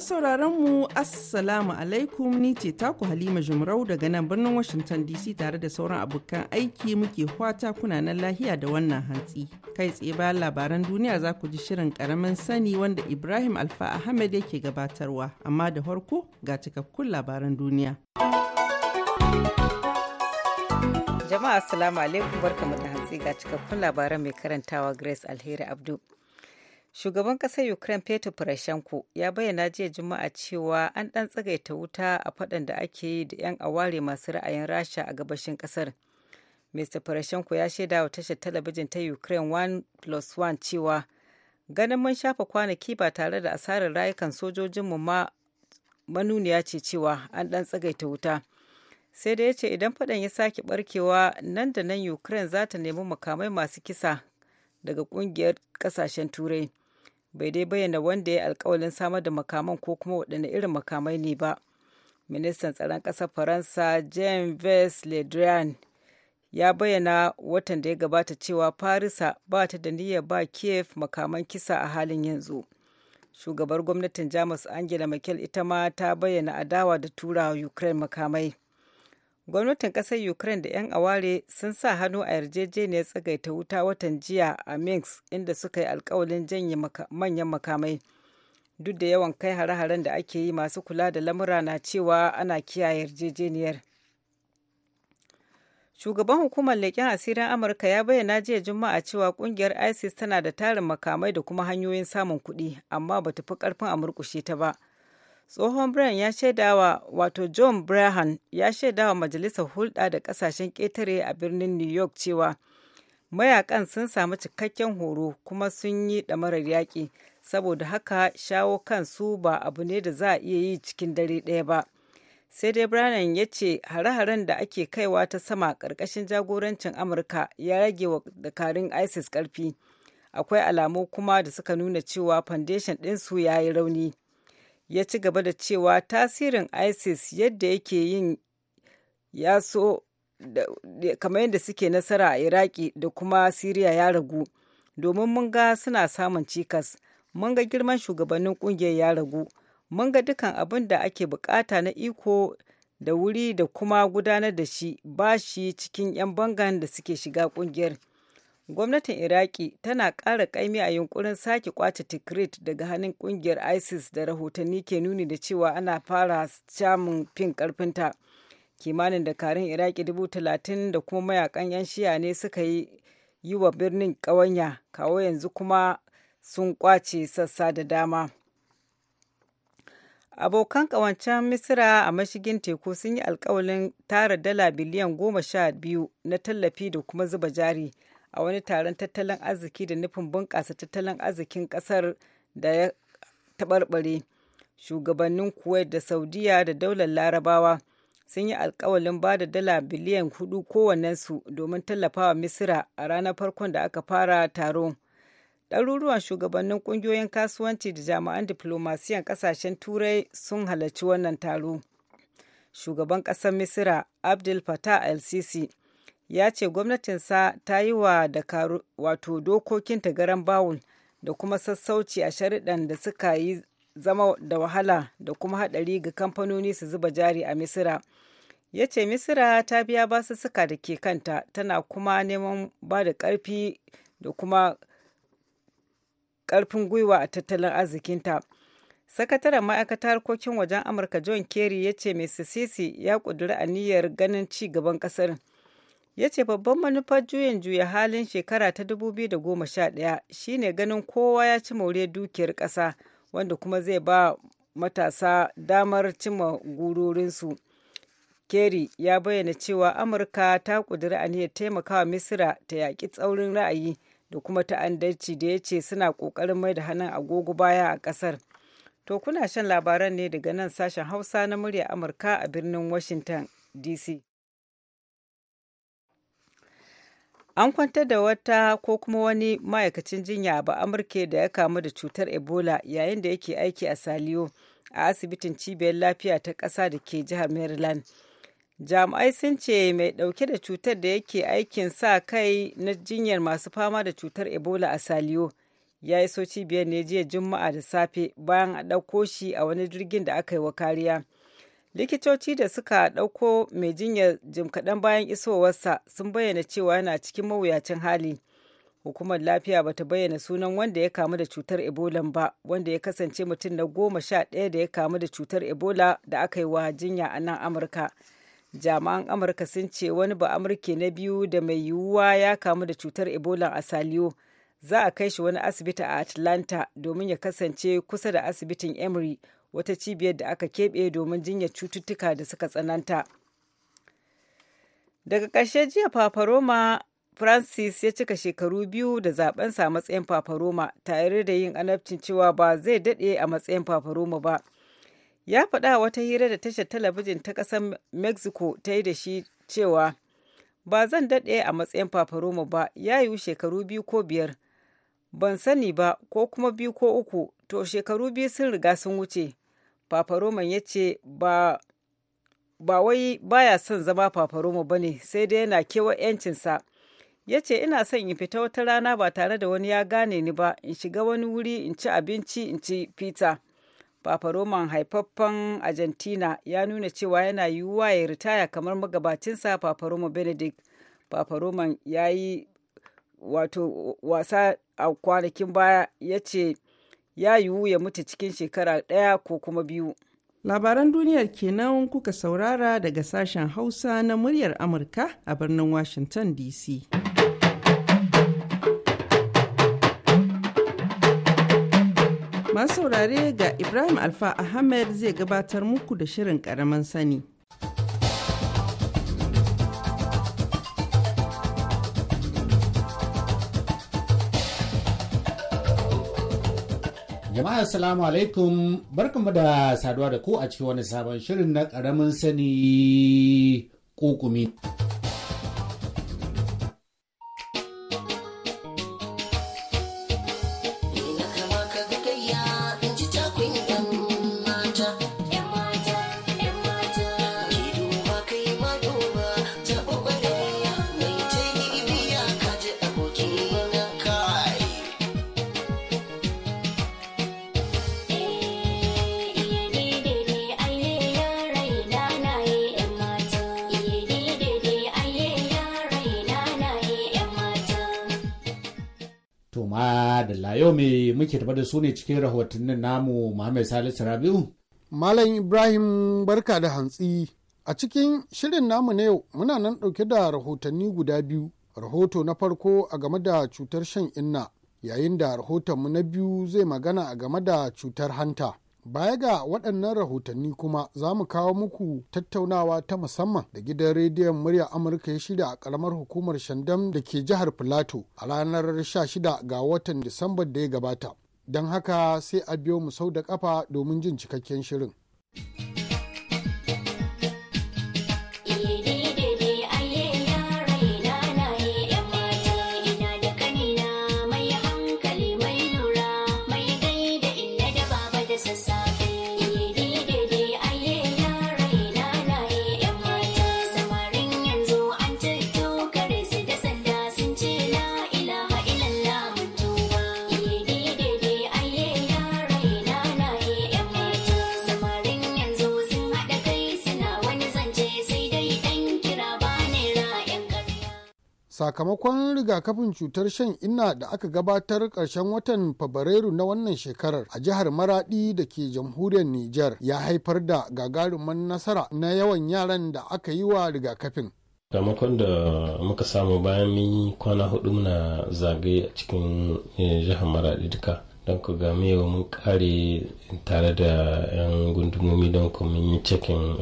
Masu sauraron mu Assalamu alaikum ni ce taku Halima Jumrau daga nan birnin Washington DC tare da sauran abokan aiki muke kwata kuna nan lahiya da wannan hantsi. Kai tsaye bayan labaran duniya za ku ji shirin karamin sani wanda Ibrahim Alfa Ahmed yake gabatarwa amma da farko ga cikakkun labaran duniya. Jama'a Assalamu alaikum barkamu da hantsi ga cikakkun labaran mai karantawa Grace Alheri Abdu. Shugaban ƙasar Ukraine Petro Poroshenko ya bayyana jiya Juma'a cewa an ɗan tsagaita wuta a faɗan da ake yi da 'yan aware masu ra'ayin Rasha a gabashin ƙasar. Mr. Poroshenko ya shaida wa tashar talabijin ta Ukraine One Plus One cewa ganin mun shafa kwanaki ba tare da asarar rayukan sojojinmu ma manuniya ce cewa an ɗan tsagaita wuta. sai da ya ce idan fadan ya sake barkewa nan da nan ukraine za ta nemi makamai masu kisa daga kungiyar kasashen turai bai dai bayyana wanda ya alkawalin samar da makaman ko kuma waɗanne irin makamai ne ba ministan tsaron ƙasar faransa jean ves le drian ya bayyana watan da ya gabata cewa farisa ba ta da niyyar ba kiev makaman kisa a halin yanzu shugabar gwamnatin jamus angela merkel ita ma ta bayyana adawa da turawa ukraine makamai gwamnatin ƙasar ukraine da 'yan aware sun sa hannu a yarjejeniyar tsagaita wuta watan jiya a minsk inda suka yi alkawalin janye manyan makamai duk da yawan kai hare-haren da ake yi masu kula da lamura na cewa ana kiyaye yarjejeniyar shugaban hukumar leƙen asirin amurka ya bayyana jiya juma'a cewa ƙungiyar isis tana da tarin makamai da kuma hanyoyin samun kuɗi amma bata fi ƙarfin a murƙushe ta ba tsohon brian ya shaidawa wato john brahan ya shaidawa majalisar hulɗa da ƙasashen ƙetare a birnin new york cewa mayakan sun samu cikakken horo kuma sun yi ɗamarar yaƙi saboda haka shawo kansu ba abu ne da za a iya yi cikin dare ɗaya ba sai dai brian ya ce hare-haren da ake kaiwa ta sama ƙarƙashin jagorancin amurka ya rage wa dakarun isis ƙarfi akwai alamu kuma da suka nuna cewa foundation ɗinsu ya yi rauni ya ci gaba da cewa tasirin isis yadda yake yin ya so kamar yadda suke nasara a iraki da kuma siriya ya ragu domin mun ga suna samun cikas mun ga girman shugabannin kungiyar ya ragu mun ga dukan abin da ake bukata na iko da wuri da kuma gudanar da shi ba shi cikin 'yan bangan da suke shiga kungiyar gwamnatin iraki tana ƙara kaimi a yunkurin sake kwace tikrit daga hannun ƙungiyar isis da rahotanni ke nuni da cewa ana fara samun fin ƙarfinta kimanin dakarun iraki dubu talatin da kuma mayakan yan shiya ne suka yi yi wa birnin ƙawanya kawo yanzu kuma sun kwace sassa da dama abokan ƙawancen misira a mashigin teku sun yi alkawalin tara dala biliyan goma sha biyu na tallafi da kuma zuba jari a wani taron tattalin arziki da nufin bunƙasa tattalin arzikin ƙasar da ya taɓarɓare shugabannin kuwait da saudiya da daular larabawa sun yi alkawalin ba da dala biliyan hudu kowannensu domin tallafawa misira a ranar farkon da aka fara taro ɗaruruwan shugabannin ƙungiyoyin kasuwanci da jami'an diflomasiyan ƙasashen turai sun halarci wannan taro shugaban ƙasar misira abdul fatah el sisi ya ce gwamnatinsa ta yi wa wato dokokin garan bawul da kuma sassauci a sharidan da suka yi zama da wahala da kuma haɗari ga kamfanoni su zuba jari a misira ya ce misira ta biya suka da ke kanta tana kuma neman ba da karfi da kuma ƙarfin gwiwa a tattalin arzikinta sakataren ma'aikatar harkokin wajen amurka john kerry ya ce mai sisi ya ƙudiri aniyar ganin ci gaban ƙasar ya ce babban manufar juyin juya halin shekara ta 2011 shine ganin kowa ya ci maure dukiyar ƙasa wanda kuma zai ba matasa damar cima gurorinsu. Kerry ya bayyana cewa Amurka ta ƙudiri aniyar taimakawa Misira ta yaƙi tsaurin ra'ayi da kuma ta'addanci da ya ce suna ƙoƙarin mai da hannun agogo baya a ƙasar. To kuna shan labaran ne daga nan sashen Hausa na murya Amurka a birnin Washington DC. an kwantar da wata ko kuma wani ma'aikacin jinya a amurke da ya kamu da cutar ebola yayin da yake aiki a saliyo a asibitin cibiyar lafiya ta ƙasa da ke jihar maryland jami'ai sun ce mai ɗauke da cutar da yake aikin sa kai na jinyar masu fama da cutar ebola a saliyo ya iso cibiyar ne jiya juma'a da safe bayan a ɗauko shi a wani jirgin da aka yi wa kariya likitoci da suka ɗauko mai jinyar jim kaɗan bayan isowarsa sun bayyana cewa yana cikin mawuyacin hali hukumar lafiya ba ta bayyana sunan wanda ya kamu da cutar ebola ba wanda ya kasance mutum na goma sha ɗaya da ya kamu da cutar ebola da aka yi wa jinya a nan amurka jami'an amurka sun ce wani ba amurke na biyu da mai yiwuwa ya kamu da cutar ebola a saliyo za a kai shi wani asibiti a atlanta domin ya kasance kusa da asibitin emory wata cibiyar da aka keɓe domin jinya cututtuka da suka tsananta daga ƙarshe jiya fafaroma francis ya cika shekaru biyu da zaɓensa a matsayin fafaroma tare da yin anabcin cewa ba zai daɗe a matsayin fafaroma ba ya faɗa wata hira da tashar talabijin ta ƙasar mexico ta yi da shi cewa ba zan daɗe a matsayin fafaroma ba ya yiwu shekaru biyu ko biyar ban sani ba ko kuma biyu ko uku to shekaru biyu sun riga sun wuce Papa Roman ya ce ba ba wai baya son zama Papa Roma ba ne sai dai yana kewa 'yancinsa. Ya ce ina son in fita wata rana ba tare da wani ya gane ni ba in shiga wani wuri in ci abinci in ci pizza. Papa Roman haifaffen Argentina ya nuna cewa yana yiwuwa ya ritaya kamar magabacinsa Papa Roma Benedict. Papa Roman ya yi wato wasa a kwanakin baya ya ce ya yiwu ya mutu cikin shekara ɗaya ko kuma biyu. Labaran duniyar kenan kuka saurara daga sashen Hausa na muryar Amurka a birnin Washington DC. Masu saurare ga Ibrahim Alfa Ahmed zai gabatar muku da shirin ƙaramin sani. Jama'a assalamu alaikum barkamu da saduwa da ku a cikin wani sabon shirin na ƙaramin sani kokumi. Madalla yau me muke tafa da su ne cikin rahotannin namu Muhammad Salisu Rabiu. Malam Ibrahim barka da hantsi. A cikin shirin namu na yau muna nan ɗauke da rahotanni guda biyu. Rahoto na farko a game da cutar shan inna yayin da rahotonmu na biyu zai magana a game da cutar hanta. Baya ga waɗannan rahotanni kuma za mu kawo muku tattaunawa ta musamman da gidan rediyon murya Amurka ya shirya a ƙaramar hukumar Shandam da ke jihar Filato a ranar 16 ga watan Disamba da ya gabata. Don haka sai a biyo mu sau da ƙafa domin jin cikakken shirin. sakamakon rigakafin cutar shan inna da aka gabatar karshen watan fabrairu na wannan shekarar a jihar maradi da ke jamhuriyar niger ya haifar da gagarumin nasara na yawan yaran da aka yi wa rigakafin sakamakon da muka samu bayan mun kwana hudu muna zagaye a cikin eh, jihar maradi duka don ku ga yau mun kare tare da 'yan gundumomi don ku mun yi cikin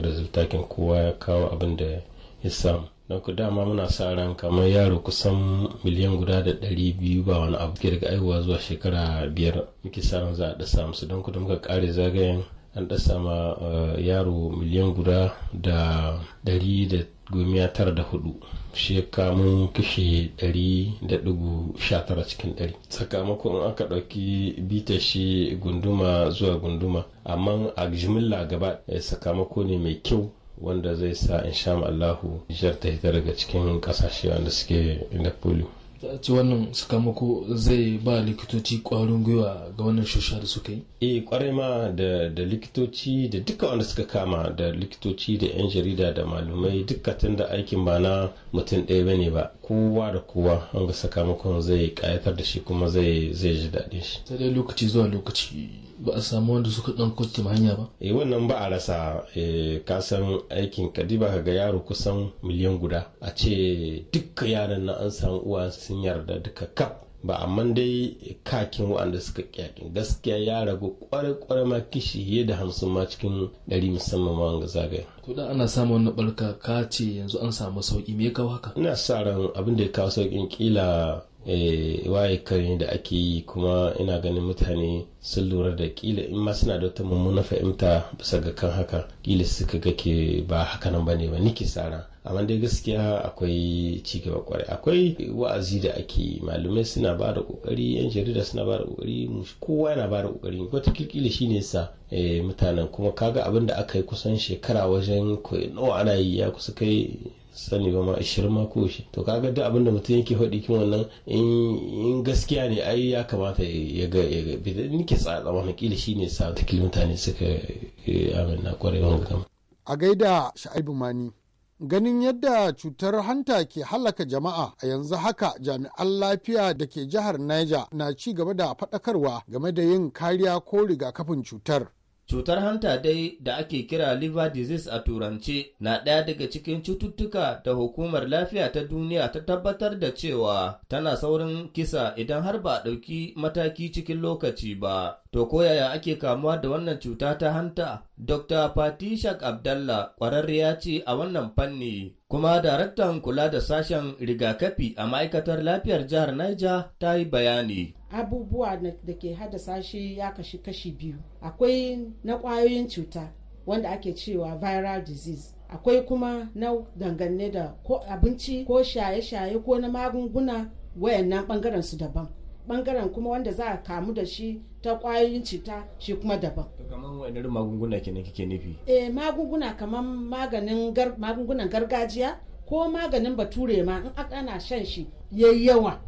kowa ya kawo abin da ya samu don ku dama muna sa ran kamar yaro kusan miliyan guda da ɗari biyu ba wani abu ke daga aiwa zuwa shekara biyar muke sa ran za a ɗasa musu don ku da muka kare zagayen an ɗasa ma eh, yaro miliyan guda da ɗari da gomiya tara da hudu shi ya kamo kashe ɗari da ɗigo sha tara cikin ɗari sakamakon aka ɗauki bita shi gunduma zuwa gunduma amma a jimilla gaba eh, sakamako ne mai kyau wanda zai sa in sha Allahu Nijar ta hita daga cikin kasashe wanda suke da polio. ta ci wannan sakamako zai ba likitoci kwarin gwiwa ga wannan shusha da suka yi? eh kwarai ma da likitoci da duka wanda suka kama da likitoci da 'yan jarida da malumai duka tun da aikin ba na mutum ɗaya bane ba kowa da kowa an ga sakamakon zai kayatar da shi kuma zai ji daɗin shi. sai dai lokaci zuwa lokaci ba a samu wanda suka dan kwace hanya ba eh wannan ba a rasa eh, ka san aikin kadiba ga yaro kusan miliyan guda a ce duka yaran na an san uwa sun yarda duka kaf ba amma dai kakin waɗanda suka kyakin gaskiya ya ragu kwarai-kwarai ma kishi da hamsin ma cikin ɗari musamman ma wanga zagaya. ko da ana samun wani barka ka ce yanzu an samu sauƙi me ya kawo haka. ina sa ran abin da ya kawo sauƙin ƙila. Eh, waye kare da ake yi kuma ina ganin mutane sun lura da kila in ma suna da wata mummuna fahimta bisa ga kan haka kila suka ga ke ba haka nan bane ba niki sara amma dai gaskiya akwai cigaba kwarai akwai wa'azi da ake yi malumai suna ba da kokari yan jarida suna ba da kokari kowa yana ba da kokari wata kilkila shi ne sa eh, mutanen kuma kaga abin da aka yi kusan shekara wajen nawa ana yi ya kusa kai sani ba ma ashirin ma ko shi to kaga duk abin da mutum yake faɗi kin wannan in gaskiya ne ai ya kamata ya ga ya ga nike tsatsa wannan kila shine sa ta mutane suka eh, amin na kwarai wannan a gaida sha'ibu mani ganin yadda cutar hanta ke halaka jama'a a yanzu haka jami'an lafiya da ke jihar niger na ci gaba da faɗakarwa game da yin kariya ko rigakafin cutar Cutar hanta dai da ake kira liver disease a turance na ɗaya daga cikin cututtuka da hukumar lafiya ta duniya ta tabbatar da cewa tana saurin kisa idan har ba a ɗauki mataki cikin lokaci ba. To koyaya ake kamuwa da wannan cuta ta hanta? Dr. Patishak Abdallah ya ce a wannan fanni kuma daraktan kula da sashen rigakafi a ma'aikatar lafiyar jihar Niger ta yi bayani. abubuwa da ke haddasa shi ya kashi kashi biyu akwai na kwayoyin cuta wanda ake cewa viral disease akwai kuma na dangane da ko abinci ko shaye-shaye ko na magunguna wayannan bangaren su daban bangaren kuma wanda za a kamu da shi ta kwayoyin cuta shi kuma daban. kamar wani magunguna kenan kike nufi? eh magunguna kamar maganin magungunan gargajiya ko maganin bature ma in ana shan shi yayi yawa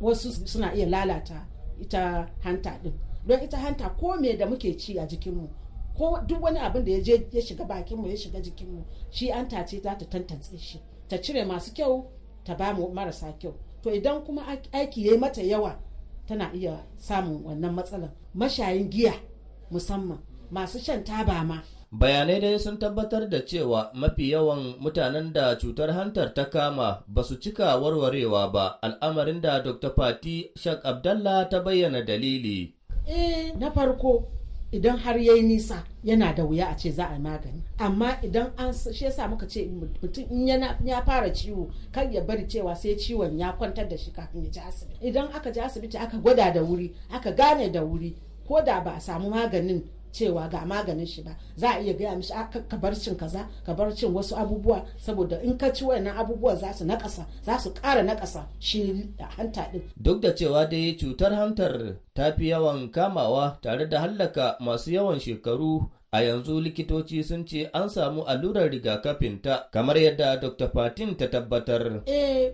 wasu suna iya lalata ita hanta din don ita hanta ko me da muke ci a jikinmu ko duk wani abin da ya shiga bakinmu ya shiga jikinmu shi hanta ce za ta tantance shi ta cire masu kyau ta ba mu marasa kyau to idan kuma aiki ya yi mata yawa tana iya samun wannan matsalar mashayin giya musamman masu shan taba ma bayanai dai sun tabbatar da cewa mafi yawan mutanen da cutar hantar ta kama ba su cika warwarewa ba al'amarin da dr fati shak abdallah ta bayyana dalili eh na farko idan har yayi nisa yana da wuya a ce za a magani amma idan an shi yasa muka ce mutum in ya fara ciwo kan ya bari cewa sai ciwon ya kwantar da shi kafin ya ji asibiti idan aka ji asibiti aka gwada da wuri aka gane da wuri ko da ba a samu maganin cewa ga maganin shi ba za a iya gaya mishi ah, ka bar cin kaza ka bar cin wasu abubuwa saboda in ka ci wayannan abubuwa za su nakasa za su ƙara nakasa shi hanta din duk da cewa dai cutar hantar ta fi yawan kamawa tare da hallaka masu yawan shekaru a yanzu likitoci sun ce an samu allurar rigakafin ta kamar yadda dr fatin ta tabbatar eh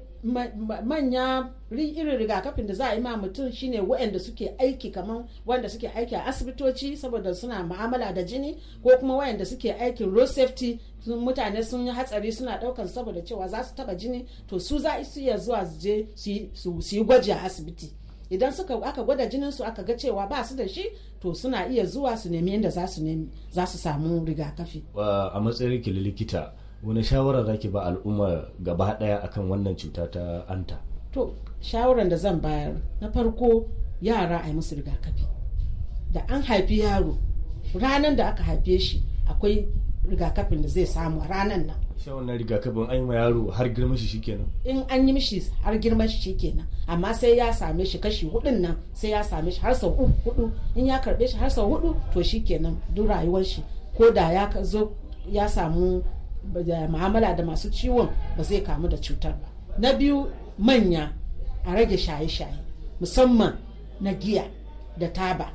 manya irin rigakafin da za a yi ma mutum shine wayanda suke aiki kamar wanda suke aiki a asibitoci saboda suna ma'amala da jini ko kuma wayanda suke aikin road safety mutane sun yi hatsari suna daukan saboda cewa za su taba jini to su za su iya zuwa su je su yi gwaji a asibiti idan suka aka gwada jinin su aka ga cewa ba su da shi to suna iya zuwa su nemi inda za su nemi za su samu rigakafi a matsayin ki likita wani shawara zaki ba al'umma gaba daya akan wannan cuta ta anta to shawaran da zan bayar na farko yara a yi musu rigakafi da an haifi yaro ranar da aka haife shi akwai rigakafin da zai samu a ranar nan sha wannan rigakafin an yi ma yaro har girman shi shikenan in an yi mishi har girman shi shikenan amma sai ya same shi kashi hudun nan sai ya same shi har sau hudu in ya karbe shi har sau hudu to shikenan duk rayuwar shi ko da ya zo ya samu mu'amala da masu ciwon ba zai kamu da cutar ba na biyu manya a rage shaye-shaye musamman na giya da taba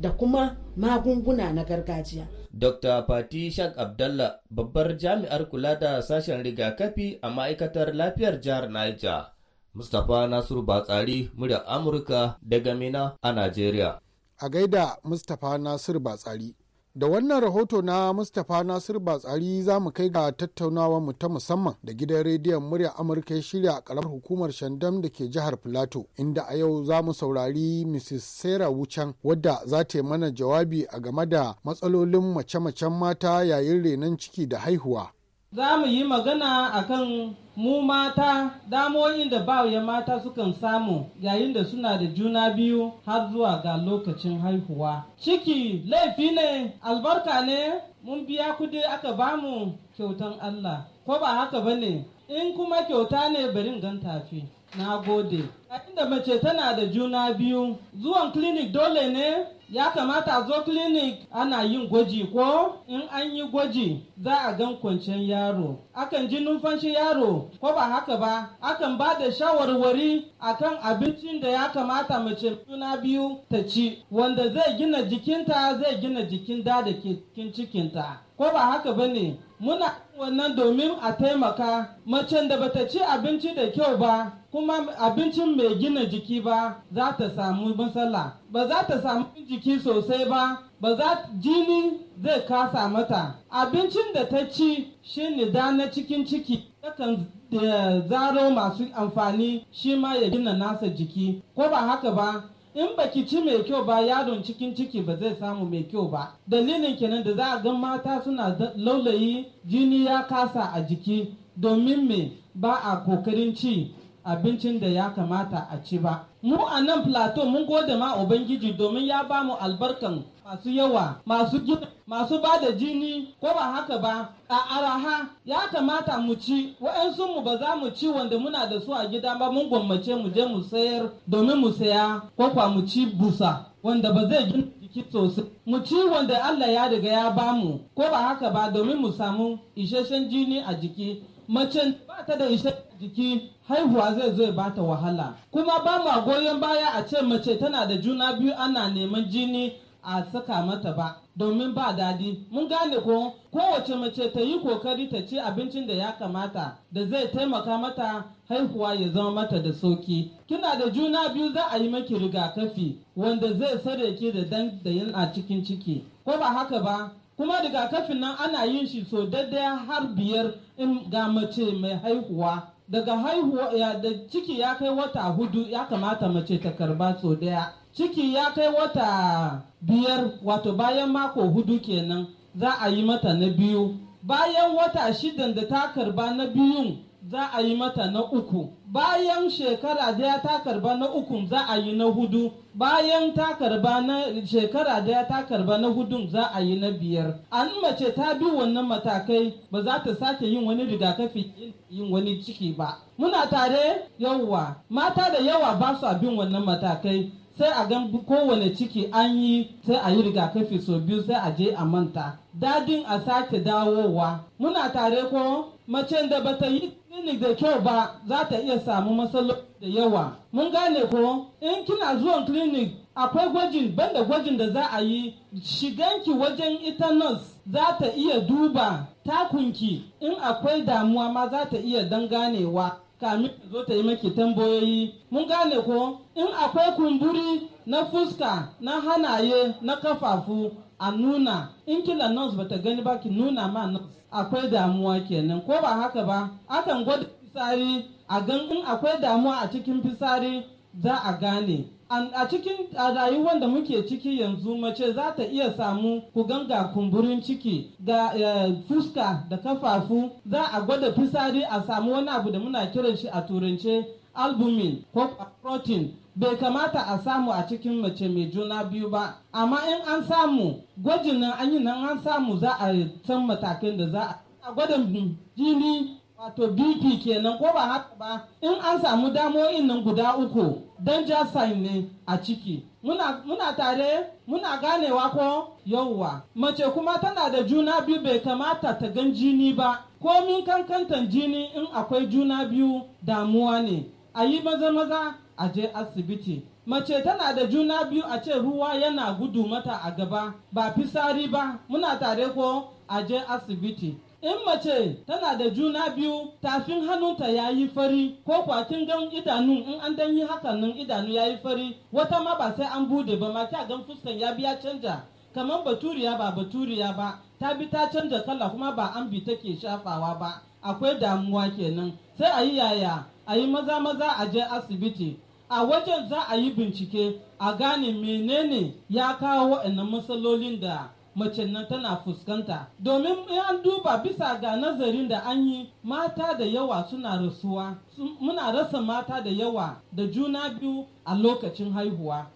da kuma magunguna na gargajiya. Dr. Fati Shak Abdalla, babbar jami'ar kula da sashen rigakafi a ma'aikatar lafiyar jihar Niger. Mustapha Nasiru Batsari murya Amurka daga Mina a Najeriya. A gaida Mustapha Nasiru Batsari. Da wannan rahoto na Mustapha Nasir Batsari za mu kai ga tattaunawar mu ta musamman da gidan rediyon murya Amurka ya shirya a karamar hukumar Shandam da ke jihar Filato, inda a yau za mu saurari Mrs. Sarah Wuchan wadda za ta yi mana jawabi a game da matsalolin mace-macen mata yayin renon ciki da haihuwa. Za mu yi magana a kan mu mata damoyin da bawaye mata sukan samu yayin da suna da juna biyu har zuwa ga lokacin haihuwa. Ciki laifi ne, albarka ne, mun biya kudi aka bamu kyautan Allah, ko ba haka ba ne, in kuma kyauta ne barin gan tafi. Na gode. Yayin da mace tana da juna biyu, zuwan clinic dole ne ya kamata a zo clinic ana yin gwaji ko in an yi gwaji za a gan kwanciyar yaro akan ji numfashi yaro ko ba haka ba akan ba da shawarwari akan abincin da ya kamata mace suna biyu ta ci wanda zai gina jikinta zai gina jikin da da cikin cikinta ko ba haka ba ne muna wannan domin a taimaka mace da bata ci abinci da kyau ba kuma abincin mai gina jiki ba za ta samu matsala ba za ta samu jiki sosai ba ba za jini zai kasa mata abincin da ta ci shi nida na cikin ciki yakan da eh, zaro masu amfani shi ma ya gina nasa jiki ko ba haka ba in baki ci mai kyau ba yaron cikin ciki ba zai samu mai kyau ba dalilin kenan da za a ga mata suna laulayi jini ya kasa a jiki domin me ba a kokarin ci abincin da ya kamata a ci ba. Mu a nan Plateau mun gode ma Ubangiji domin ya ba mu albarkan masu yawa, masu gina, masu ba da jini ko ba haka ba, a araha ya kamata mu ci, wa'yansu mu ba za mu ci wanda muna da su a gida ba mun gwammace mu je mu sayar domin mu saya ko kwa mu ci busa wanda ba zai gina jiki sosai. Mu ci wanda Allah ya daga ya bamu ko ba haka ba domin mu samu isasshen jini a jiki macen ba ta da ishe jiki haihuwa zai zo ba ta wahala kuma ba ma goyon baya a ce mace tana da juna biyu ana neman jini a saka mata ba domin ba dadi mun gane ko kowace mace ta yi kokari ta ci abincin da ya kamata da zai taimaka mata haihuwa ya zama mata da sauki kina da juna biyu za a yi maki rigakafi wanda zai sare ki da dan da a cikin ciki ko ba haka ba kuma rigakafin nan ana yin shi so daidai har biyar in ga mace mai haihuwa daga haihuwa ya da ciki ya kai wata hudu ya kamata mace ta karba so daya ciki ya kai wata biyar wato bayan mako hudu kenan za a yi mata na biyu bayan wata shidan da ta karba na biyun za a yi mata na uku bayan shekara daya ta karba na uku za a yi na hudu bayan ta karba na shekara daya ta karba na hudu za a yi na biyar an mace ta bi wannan matakai ba za ta sake yin wani rigakafi yin wani ciki ba muna tare yawa mata da yawa ba su bin wannan matakai sai a gan kowane ciki an yi sai a yi rigakafi sau biyu sai a je a manta dadin a sake dawowa muna tare ko macen da bata yi klinik da kyau ba za ta iya samu matsaloli da yawa. Mun gane ko in kina zuwan clinic akwai gwajin da gwajin da za a yi shiganki wajen ita nurse za ta iya duba takunki in akwai damuwa ma za ta iya dan ganewa kamin ta zo ta yi maki tambayoyi. Mun gane ko in akwai kumburi na fuska na hanaye na kafafu a nuna in kila nurse ba ta gani ba ki nuna ma nurse. akwai damuwa kenan ko ba haka ba akan gwada fisari a gan in akwai damuwa a cikin fisari za a gane a cikin rayuwar da muke ciki yanzu mace za ta iya samu ku ganga kumburin ciki ga eh, fuska da kafafu za a gwada fisari a samu wani abu da muna kiran shi a turance albumin ko protein bai kamata a samu a cikin mace mai juna biyu ba amma in an samu gwajin nan an yi nan an samu za a san matakin da za a gwadon jini wato bp kenan ko ba haka ba in an samu in nan guda uku don sign ne a ciki muna, muna tare muna ganewa ko yauwa mace kuma tana da juna biyu bai kamata ta gan jini ba komin kankantan jini in akwai juna biyu damuwa ne a yi maza maza a je asibiti mace tana da juna biyu a ce ruwa yana gudu mata a gaba ba fisari ba muna tare ko a je asibiti in mace tana da juna biyu tafin hannunta ya yi fari ko kwakin gan idanu in an dan yi hakan nan idanu ya yi fari wata ma ba sai an bude ba ma kya gan fuskan ya biya canja kamar baturiya ba baturiya ba ta bi ta canja kala kuma ba an bi take shafawa ba akwai damuwa kenan sai a yi yaya a yi maza maza a je asibiti a wajen za a yi bincike a gane menene ya kawo waɗannan matsalolin da mace nan tana fuskanta domin an duba bisa ga nazarin da an yi mata da yawa suna rasuwa muna rasa mata da yawa da juna biyu a lokacin haihuwa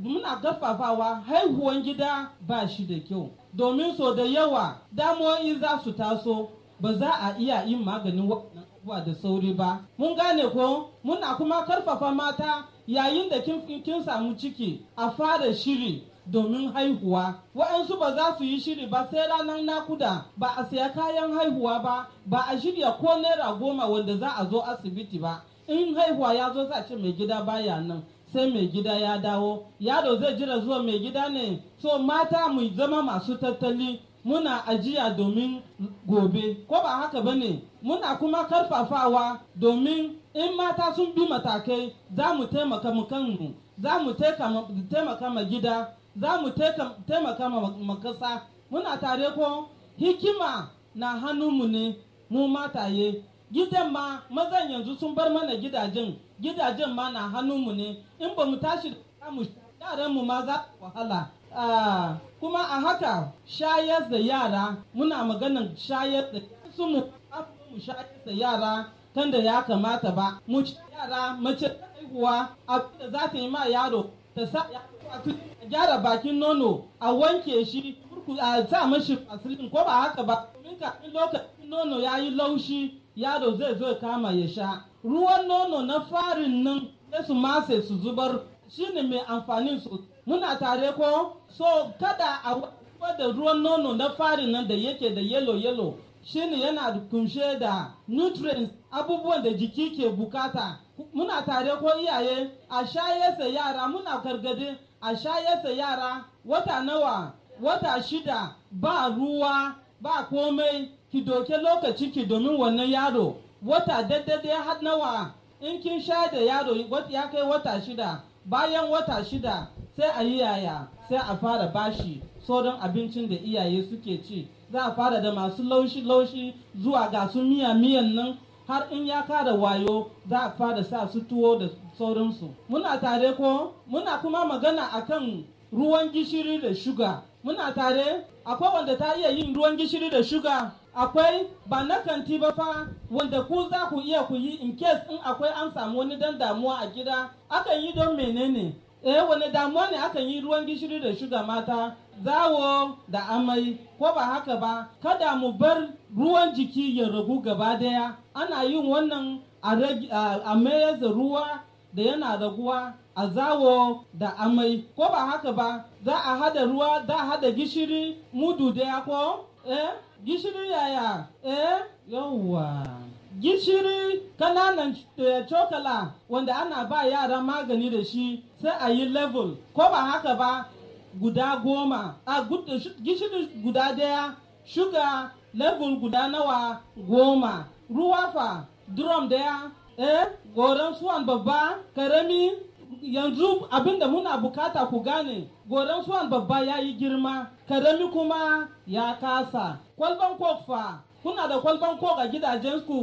muna gafafawa haihuwan gida ba shi da kyau domin so da yawa damuwa za su taso ba za a iya yin maganin zuwa da sauri ba mun gane ko muna kuma karfafa mata yayin da kin samu ciki a fara shiri domin haihuwa waɗansu ba za su yi shiri ba sai ranar nakuda ba a saya kayan haihuwa ba ba a shirya ko naira goma wanda za a zo asibiti ba in haihuwa ya zo sace mai gida baya nan sai mai gida ya dawo yaro zai jira zuwa mai gida ne so mata mu zama masu tattali muna ajiya domin gobe ko ba haka ba ne muna kuma karfafawa domin in mata sun bi matakai za mu taimaka mu kanmu za mu taimaka ma gida za mu taimaka ma kasa muna tare ko hikima na hannunmu ne mu mataye gidan ma mazan yanzu sun bar mana gidajen gidajen ma na hannunmu ne in ba mu tashi mu yaranmu ma za wahala Ah, kuma a haka shayar da yara muna maganin shayar da su mu mu shayar da yara tanda ya kamata ba mu yara mace haihuwa A za ta yi ma yaro ta sa a gyara bakin nono a wanke shi a sa mashi asilin ko ba haka ba domin kafin lokacin nono ya yi laushi yaro zai zo kama ya sha ruwan nono na farin nan sai su mase su zubar shine mai amfani sosai muna tare ko so kada a da ruwan nono na fari nan da yake da yellow yellow shine yana kunshe da nutrients abubuwan da jiki ke bukata muna tare ko iyaye a shayarsa yara muna gargadi a shayarsa yara wata nawa wata shida ba ruwa ba komai ki doke lokaci ki domin wannan yaro wata daidai har nawa in kin sha da yaro ya kai wata shida bayan wata shida sai a yi yaya sai a fara bashi don abincin da iyaye suke ci za a fara da masu laushi-laushi zuwa ga su miya-miyan nan har in ya kara wayo za a fara sa su tuwo da saurinsu. muna tare ko muna kuma magana akan ruwan gishiri da shuga muna tare akwai wanda ta iya yin ruwan gishiri da shuga akwai ba na kanti ba fa wanda ku za ku iya ku yi in case in akwai an samu wani dan damuwa a gida akan yi don menene eh wane damuwa ne akan yi ruwan gishiri da shuga mata zawo da amai ko ba haka ba kada mu bar ruwan jiki ya ragu gaba daya ana yin wannan a mayar da ruwa da yana raguwa a zawo da amai ko ba haka ba za a hada ruwa za a hada gishiri mudu daya ko eh gishiri yaya eh yawwa gishiri kananan eh, cokala wanda ana ba yara magani da shi sai a yi level ko ba haka ba guda goma a gishiri guda daya shuga level guda nawa goma ruwa fa drum daya eh goron suwan babba karami yanzu abinda muna bukata ku gane goron suwan babba ya yi girma karami kuma ya kasa kwalban coke fa kuna da kwalban coke a gidajen ku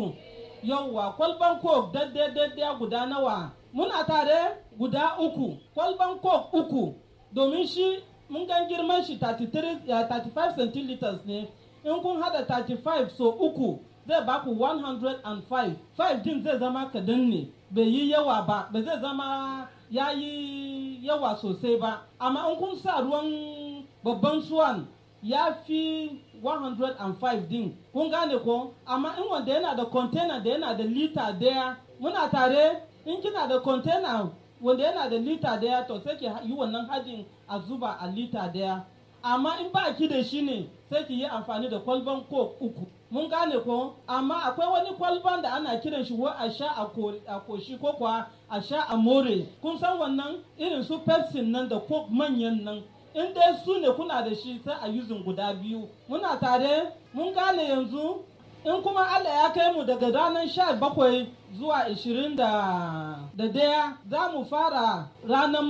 yauwa kwalban coke daddai guda nawa muna tare guda uku kwalban kok uku domin shi mun ga girman shi 35 centiliters ne in kun hada 35 so uku zai baku 105 5 din zai zama kadan ne bai yi yawa ba ba zai zama ya yi yawa sosai ba amma in kun sa ruwan babban suwan ya fi 105 din kun gane ko amma in wanda yana da container da yana da lita daya muna tare in kina da container wanda yana da lita daya to sai ki yi wannan hajin a zuba a lita daya amma in ba ki da shi ne sai ki yi amfani da kwalban ko uku mun gane ko amma akwai wani kwalban da ana kiran shi wa a sha a koshi ko kuwa a sha a more kun san wannan irin su pepsi nan da coke manyan nan in dai su ne kuna da shi sai a yuzin guda biyu muna tare mun gane yanzu in kuma Allah ya kai mu daga ranar sha bakwai zuwa ishirin da daya za mu fara ranar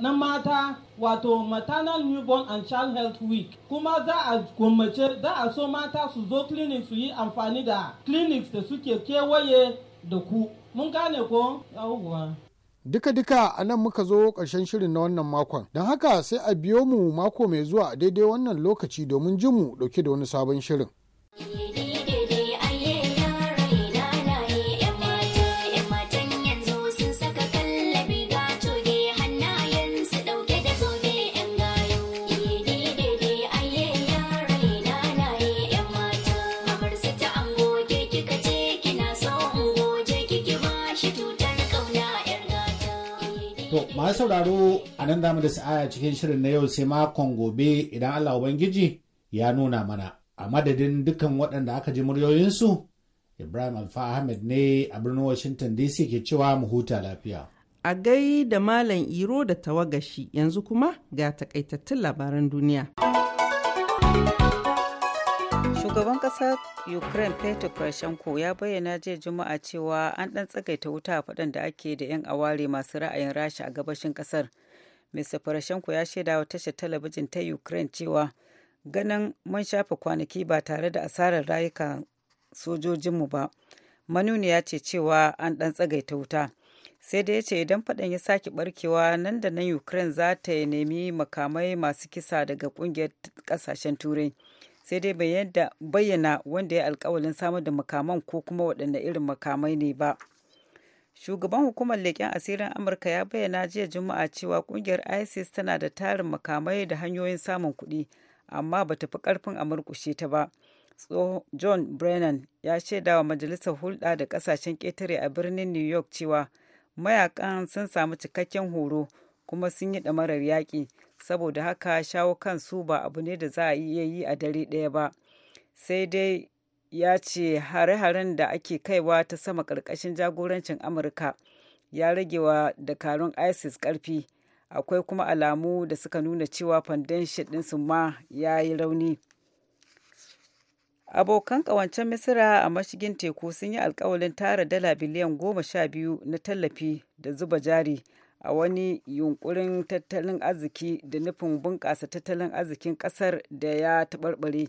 na mata wato maternal newborn and child health week kuma za a gwammace za a so mata su zo clinic su yi amfani da clinics da suke kewaye da ku mun gane ko yawuwa Duka-duka a nan muka zo ƙarshen shirin na wannan makon, don haka sai a biyo mu mako mai zuwa daidai wannan lokaci domin jin mu dauke da wani sabon shirin. masu sauraro a nan damu da sa'aya cikin shirin na yau sai makon gobe idan Allah Ubangiji ya nuna mana. A madadin dukkan waɗanda aka ji muryoyinsu, Ibrahim Alfa Ahmed ne a birnin Washington DC ke cewa mu huta lafiya. A gai da Malam Iro da tawagashi yanzu kuma ga takaitattun labaran duniya. shugaban ƙasar ukraine petro poroshenko ya bayyana jiya juma'a cewa an ɗan tsagaita wuta faɗan da ake da 'yan aware masu ra'ayin rasha a gabashin ƙasar mr poroshenko ya shaida wa tashar talabijin ta ukraine cewa ganin mun shafe kwanaki ba tare da asarar rayuka sojojinmu ba ya ce cewa an ɗan tsagaita wuta sai da ya ce idan faɗan ya sake barkewa nan da nan ukraine za ta nemi makamai masu kisa daga ƙungiyar ƙasashen turai sai dai bai yadda bayyana wanda ya alkawalin samar da makaman ko kuma waɗanne irin makamai ne ba shugaban hukumar leƙen asirin amurka ya bayyana jiya juma'a cewa ƙungiyar isis tana da tarin makamai da hanyoyin samun kuɗi amma ba ta fi ƙarfin a murƙushe ta ba john brennan ya shaida wa majalisar hulɗa da ƙasashen ƙetare a birnin new york cewa mayakan sun samu cikakken horo kuma sun yi ɗamarar yaƙi saboda haka shawo kansu ba abu ne da za a iya yi a dare ɗaya ba sai dai ya ce hare-haren da ake kaiwa ta sama ƙarƙashin jagorancin amurka ya ragewa dakarun isis ƙarfi akwai kuma alamu da suka nuna cewa fandon ɗinsu ma ya yi rauni abokan ƙawancen misira a mashigin teku sun yi alkawalin tara dala biliyan goma sha biyu na tallafi da zuba jari a wani yunkurin tattalin arziki da nufin bunƙasa tattalin arzikin ƙasar da ya taɓarɓare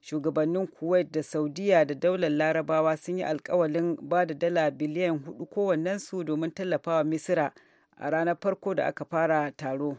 shugabannin kuwait da saudiya da daular larabawa sun yi alkawalin ba da dala biliyan hudu kowannensu domin tallafawa misira a ranar farko da aka fara taro